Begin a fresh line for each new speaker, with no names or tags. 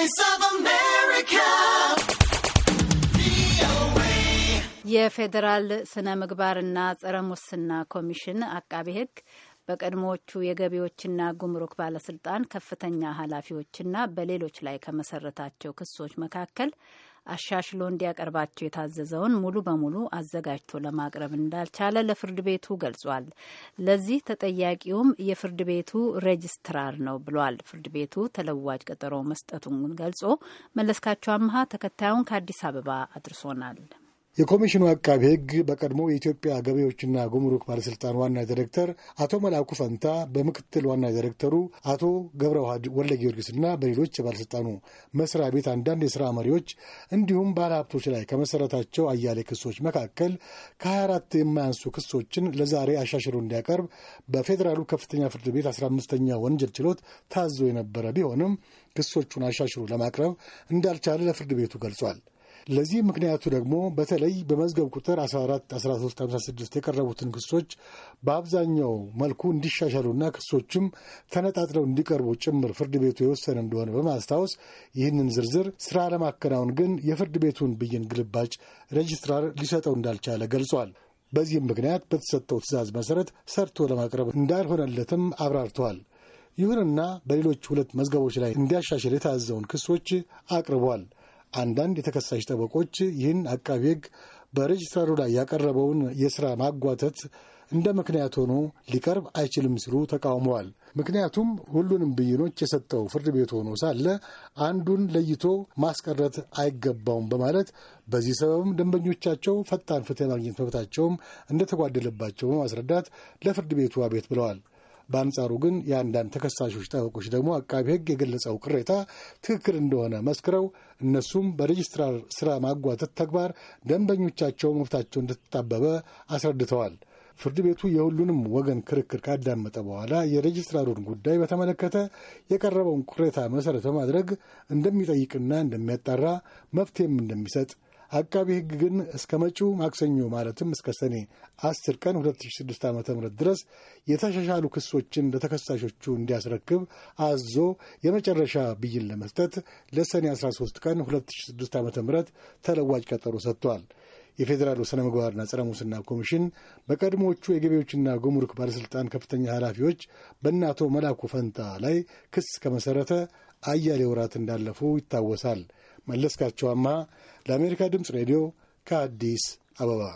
Voice of America. የፌዴራል ስነ ምግባርና ጸረ ሙስና ኮሚሽን አቃቤ ሕግ በቀድሞዎቹ የገቢዎችና ጉምሩክ ባለስልጣን ከፍተኛ ኃላፊዎችና በሌሎች ላይ ከመሰረታቸው ክሶች መካከል አሻሽሎ እንዲያቀርባቸው የታዘዘውን ሙሉ በሙሉ አዘጋጅቶ ለማቅረብ እንዳልቻለ ለፍርድ ቤቱ ገልጿል። ለዚህ ተጠያቂውም የፍርድ ቤቱ ሬጅስትራር ነው ብሏል። ፍርድ ቤቱ ተለዋጭ ቀጠሮ መስጠቱን ገልጾ መለስካቸው አምሃ ተከታዩን ከአዲስ አበባ አድርሶናል።
የኮሚሽኑ አቃቢ ሕግ በቀድሞ የኢትዮጵያ ገበያዎችና ጉምሩክ ባለሥልጣን ዋና ዲሬክተር አቶ መላኩ ፈንታ በምክትል ዋና ዲሬክተሩ አቶ ገብረ ወለ ወልደ ጊዮርጊስና በሌሎች የባለሥልጣኑ መስሪያ ቤት አንዳንድ የሥራ መሪዎች እንዲሁም ባለሀብቶች ላይ ከመሠረታቸው አያሌ ክሶች መካከል ከ24 የማያንሱ ክሶችን ለዛሬ አሻሽሮ እንዲያቀርብ በፌዴራሉ ከፍተኛ ፍርድ ቤት 15ኛ ወንጀል ችሎት ታዞ የነበረ ቢሆንም ክሶቹን አሻሽሮ ለማቅረብ እንዳልቻለ ለፍርድ ቤቱ ገልጿል። ለዚህ ምክንያቱ ደግሞ በተለይ በመዝገብ ቁጥር 14 1356 የቀረቡትን ክሶች በአብዛኛው መልኩ እንዲሻሻሉና ክሶችም ተነጣጥለው እንዲቀርቡ ጭምር ፍርድ ቤቱ የወሰነ እንደሆነ በማስታወስ ይህንን ዝርዝር ስራ ለማከናወን ግን የፍርድ ቤቱን ብይን ግልባጭ ሬጅስትራር ሊሰጠው እንዳልቻለ ገልጿል። በዚህም ምክንያት በተሰጠው ትዕዛዝ መሰረት ሰርቶ ለማቅረብ እንዳልሆነለትም አብራርተዋል። ይሁንና በሌሎች ሁለት መዝገቦች ላይ እንዲያሻሽል የታዘውን ክሶች አቅርቧል። አንዳንድ የተከሳሽ ጠበቆች ይህን አቃቢ ሕግ በሬጅስትራሩ ላይ ያቀረበውን የሥራ ማጓተት እንደ ምክንያት ሆኖ ሊቀርብ አይችልም ሲሉ ተቃውመዋል። ምክንያቱም ሁሉንም ብይኖች የሰጠው ፍርድ ቤት ሆኖ ሳለ አንዱን ለይቶ ማስቀረት አይገባውም በማለት በዚህ ሰበብም ደንበኞቻቸው ፈጣን ፍትህ ማግኘት መብታቸውም እንደተጓደለባቸው በማስረዳት ለፍርድ ቤቱ አቤት ብለዋል። በአንጻሩ ግን የአንዳንድ ተከሳሾች ጠበቆች ደግሞ አቃቢ ሕግ የገለጸው ቅሬታ ትክክል እንደሆነ መስክረው እነሱም በሬጅስትራር ስራ ማጓተት ተግባር ደንበኞቻቸው መብታቸው እንደተጣበበ አስረድተዋል። ፍርድ ቤቱ የሁሉንም ወገን ክርክር ካዳመጠ በኋላ የሬጅስትራሩን ጉዳይ በተመለከተ የቀረበውን ቅሬታ መሠረት በማድረግ እንደሚጠይቅና እንደሚያጣራ መፍትሄም እንደሚሰጥ አቃቢ ሕግ ግን እስከ መጪው ማክሰኞ ማለትም እስከ ሰኔ 10 ቀን 2006 ዓ ም ድረስ የተሻሻሉ ክሶችን ለተከሳሾቹ እንዲያስረክብ አዞ የመጨረሻ ብይን ለመስጠት ለሰኔ 13 ቀን 2006 ዓ ም ተለዋጭ ቀጠሮ ሰጥቷል። የፌዴራሉ ስነ ምግባርና ጸረ ሙስና ኮሚሽን በቀድሞዎቹ የገቢዎችና ጉምሩክ ባለሥልጣን ከፍተኛ ኃላፊዎች በእነ አቶ መላኩ ፈንታ ላይ ክስ ከመሠረተ አያሌ ወራት እንዳለፉ ይታወሳል። መለስካቸዋማ ለአሜሪካ ድምፅ ሬዲዮ ከአዲስ አበባ